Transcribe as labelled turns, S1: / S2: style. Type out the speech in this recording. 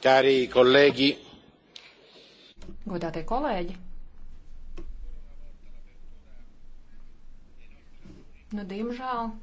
S1: Cari
S2: colleghi.
S3: Godātie kolēģi.
S2: Nu, diemžēl.